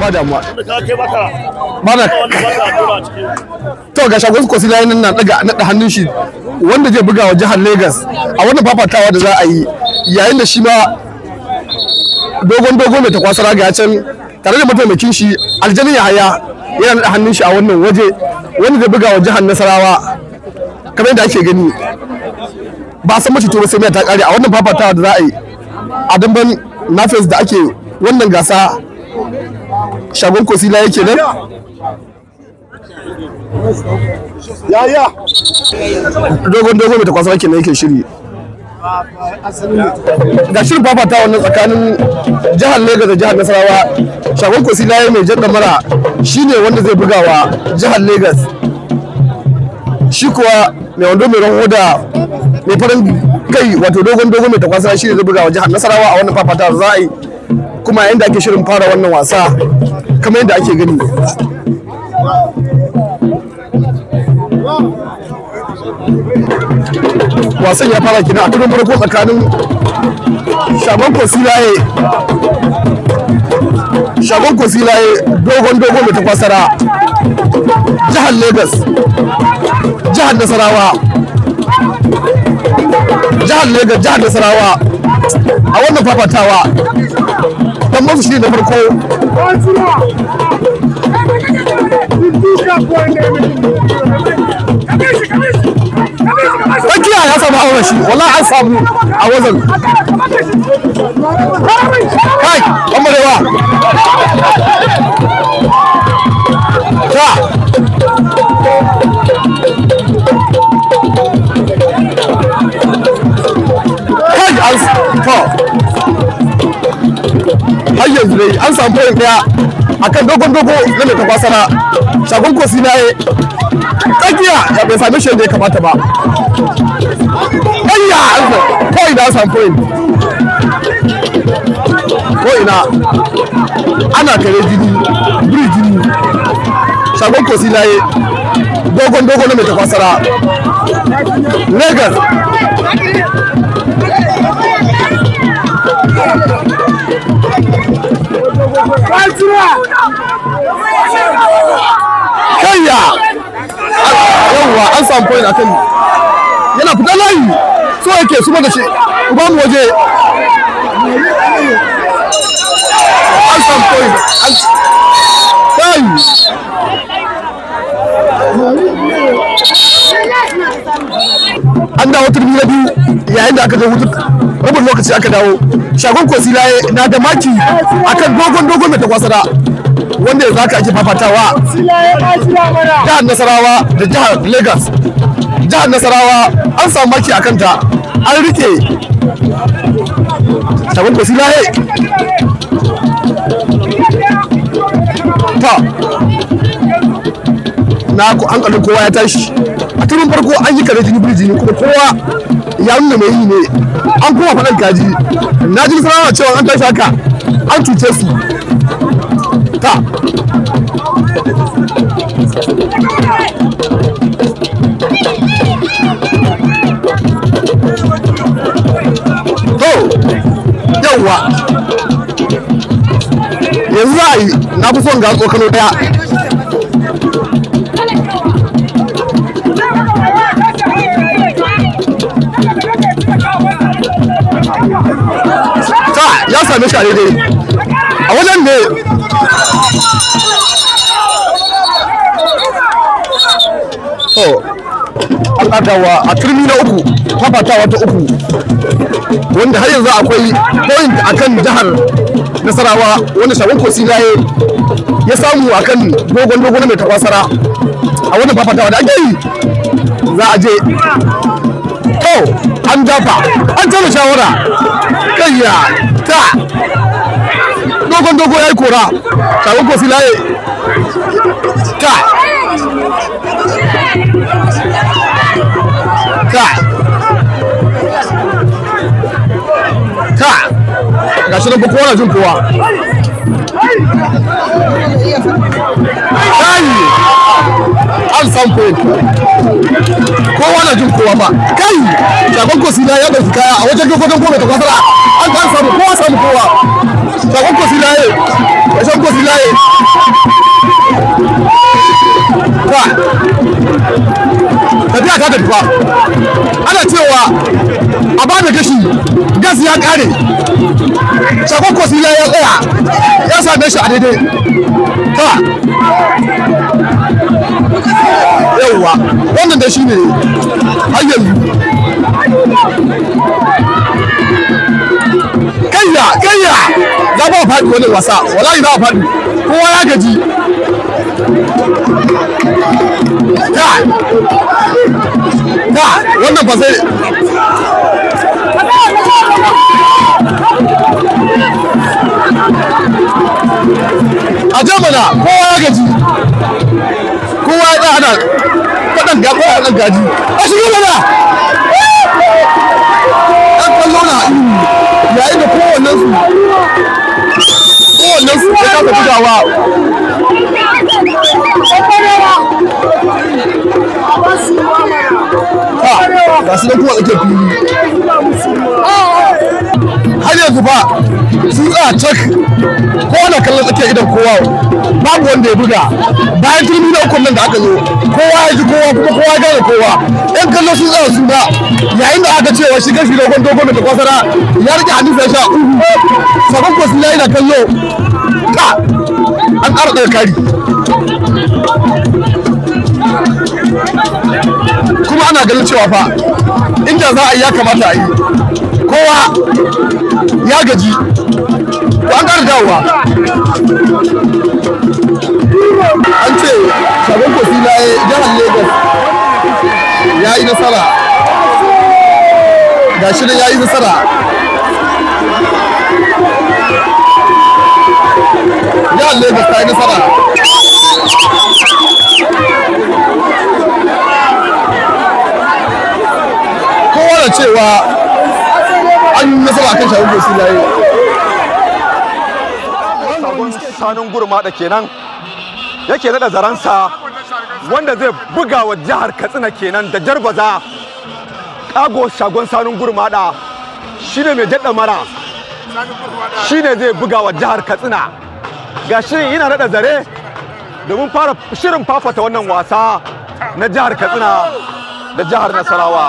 ba damuwa ba na to ga shagon kwasi da yanin na daga naɗa hannun shi wanda zai buga wa jihar Legas a wannan fafatawa da za a yi yayin da shi ma dogon dogon mai ta kwasa, raga ya can tare da mataimakin shi aljanin haya, yana da hannun shi a wannan waje wanda zai buga wa jihar nasarawa kamar yadda ake gani ba san mace ba sai mai ta kare a wannan fafatawa da za a yi a damban nafes da ake wannan gasa shagon kosila yake nan ya ya dogon dogon mai takwasa kenan yake shiri ga shirin fafata wannan tsakanin jihar Legas da jihar Nasarawa shagon kosila ya mai jan damara shine wanda zai buga wa jihar Legas shi kuwa mai wando mai rahoto da mai farin kai wato dogon dogon mai takwasa shine zai buga wa jihar Nasarawa a wannan fafata za a yi kuma yayin da ake shirin fara wannan wasa kamar yadda ake gani wasan ya fara kina a karon farko tsakanin shagon kwasilaye shagon kwasilaye dogon dogon mai tafasara jihar lagos jihar nasarawa jihar lagos jihar nasarawa a wannan fafatawa don mafi shi ne na farko Otua! Kutuka kwenda Tsakiya ya samu aure shi, wala an samu a wazan. Kai, samu point daya akan dogon dogo na mai tafasana shagon kosi na yi tsakiya ya bai sami shi da ya kamata ba ayya ko ina samu point ko ina ana kare jini biri jini shagon kosi na yi dogon dogo na mai tafasana lagos samu point yana fita layi so yake su da shi uba mu waje an samu point an an dawo turmi na biyu yayin da aka je hutu rabin lokaci aka dawo shagon kwasila na da maki akan dogon dogon ta takwasara wanda za haka ake fafatawa jihar nasarawa da jihar lagos jihar nasarawa an samu maki a kanta an rike saboda da silaye ta na ku an kalli kowa ya tashi a turin farko an yi kare jini birji ne kuma kowa ya nuna mai yi ne an kuma faɗan kaji na ji sanawa cewa an tashi haka an cuce su fita yanzu za a yi na fi son ga tsokano daya ta ya same shi a daidai a wajen ne to akadawa a turmi na uku fafatawa ta uku wanda har yanzu akwai point kan jihar nasarawa wanda shagon kosi laye ya samu akan dogon dogon mai takwasara a wannan fafatawa da ake yi za a je to an dafa an tana shawara kayya ta dogon dogo ya yi kora kawo ko filaye ka ka ka ga shi nan bako wani jin kowa kai an san ko kowa jin kowa ba kai shagon kosila ya ɗauki kaya a wajen dokokin kome ta kwasara an samu kowa samu kowa sakon kosilaye sakon kosilaye ba tafiya ta tafi ba ana cewa a ba da gashi gas ya kare sakon kosilaye ya tsaya ya same shi a daidai ba yawwa wannan da shi ne har yanzu kaya kayya za ba faɗi wani wasa wallahi za a faɗi kowa ya gaji da da wannan ba zai a jamana kowa ya gaji kowa ya ɗan ana faɗan ga kowa ya ɗan gaji a shigo mana ɗan kallo na yayin da kowannen su kowannen su ya kasa fitawa ga su da kuma tsakiyar fili har yanzu ba sun tsaya cak kowane kallon tsakiyar idan kowa babu wanda ya buga bayan turmi na ukun nan da aka zo kowa ya ji kowa kuma kowa ya da kowa yan kallo sun tsaya suna, ba yayin da aka cewa shi gashi dogon dogon da kwasara ya rike hannun sa sha uku sakon kwasu ya yi da kallo ka an ƙara ɗaga kari kuma ana ganin cewa fa inda za a yi ya kamata a yi kowa ya gaji ko an ƙara dawowa an ce nasara ga shi ya yi nasara ya lagos ta yi nasara kowa da cewa an yi nasara kan shagun gosi layi sabon sanin gurma da kenan yake nada zaransa wanda zai buga wa jihar katsina kenan da jarbaza kago shagon sanun gurmada shi ne mai jaɗa mara shi ne zai buga wa jihar katsina ga shi yana nada zare domin fara shirin fafata wannan wasa na jihar katsina da jihar nasarawa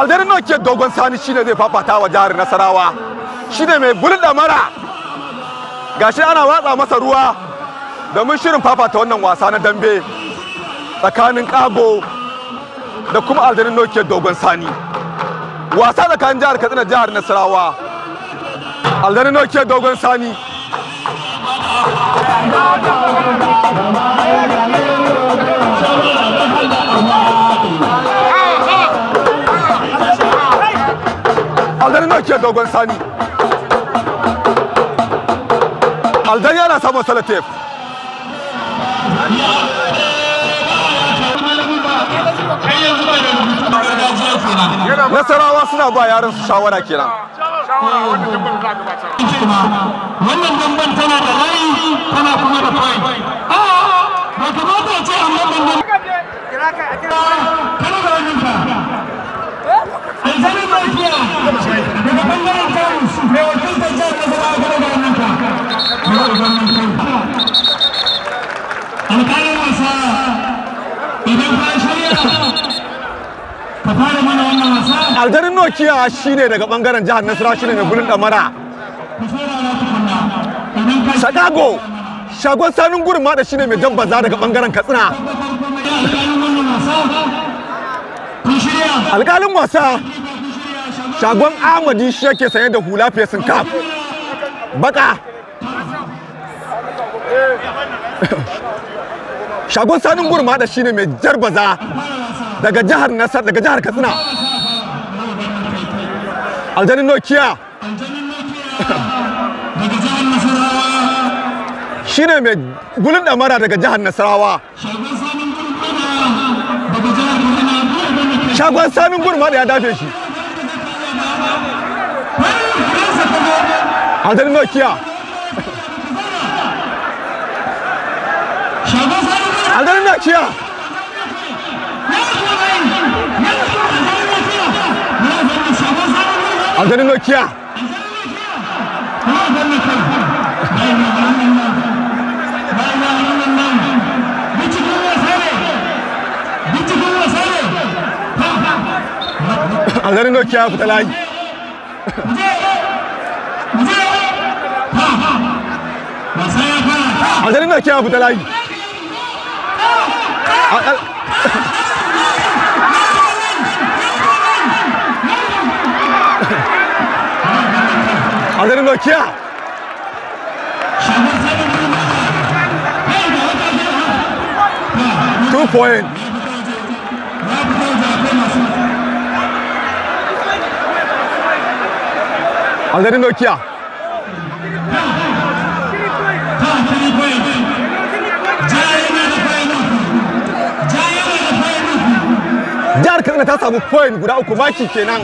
aldarin nauke dogon sani shi ne zai fafata wa jihar nasarawa shi ne mai bulɗa mara gashi ana watsa masa ruwa domin shirin fafata wannan wasa na dambe tsakanin kago da kuma aljanin nokiyar dogon sani wasa tsakanin jihar katsina jihar nasarawa aljanin nokiyar dogon sani aljanin nokiyar dogon sani aljan yana samun salatif nasarawa suna ba yaran su shawara kenan wannan damban tana da layi tana kuma da fai ba kamata ce amma damban kira kai a kira kana da wannan ka mai fiya daga bangaren kan mai wakiltar jihar nasarawa da aljarin nokia shine daga bangaren jihar nasara shine mai gulun damara shagago shagon sanin gurin da shine mai jan baza daga bangaren katsina alkalin wasa shagon amadi shi yake sanye da hula fesin kaf baka shagon sanin gurma da shine mai jarbaza daga jihar nasar daga jihar katsina aljanin nokiya shine mai da damara daga jihar nasarawa shagon sanin gurma da ya dafe shi aljanin nokiya 안 된다 키야 안 되는 거 키야 안 되는 거 키야 부탁라이 안 되는 거 키야 부탁라이 I, I, I didn't look here. Two point. Alderin Nokia. jihar katsina ta samu point guda uku maki kenan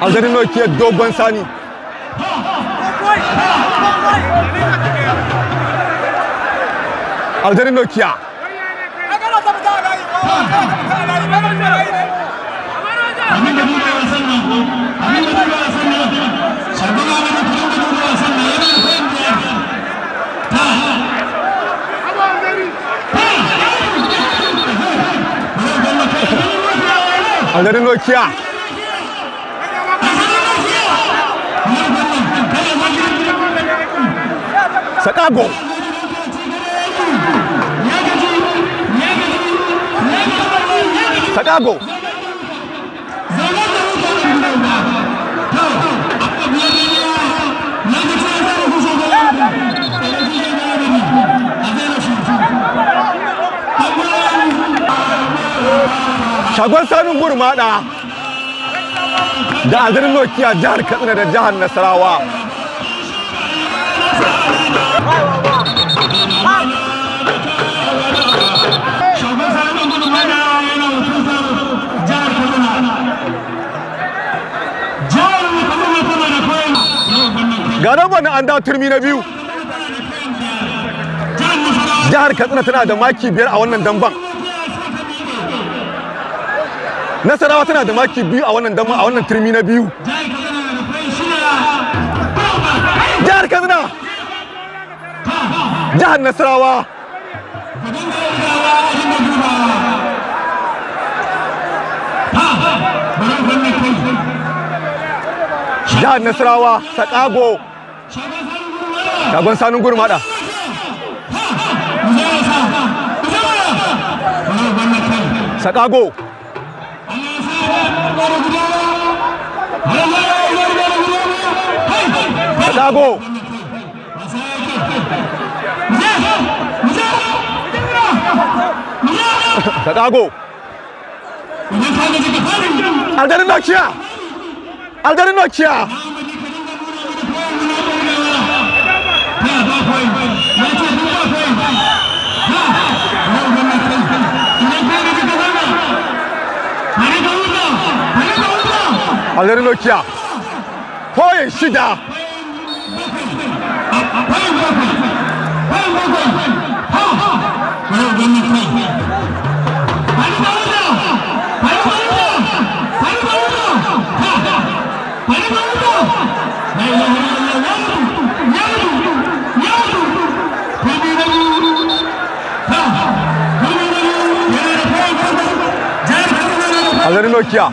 aljanin nokia dogon sani aljanin nokia Galera Nokia. É Saca gol. Saca é bom. shagon sanin gurmada da azirin nokiya jihar katsina da jihar nasarawa gano wani an dawo turmi na biyu jihar katsina tana da maki biyar a wannan damban nasarawa tana da maki biyu a wannan dama a wannan turmi na biyu jihar kaduna jihar nasarawa jihar nasarawa sakago shagon sanin gurmada sakago Dago. Dago. Algarin Nokia. Algarin Nokia. Alerinokia. Koy Şida. Alerinokia.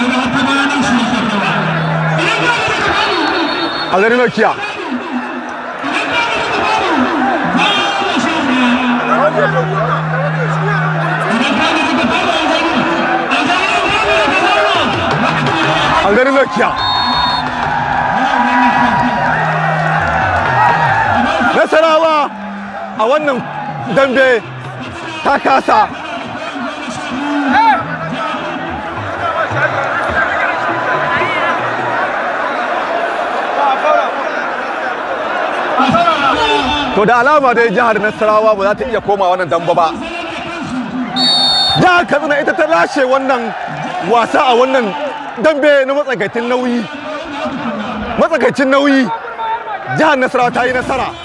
alhari nokia alhari nasarawa a wannan dambe ta kasa to da alama dai jihar nasarawa ba za ta iya koma wannan damba ba jihar Katsina ita ta lashe wannan wasa a wannan dambe na matsakaicin nauyi matsakaicin nauyi jihar nasarawa ta yi nasara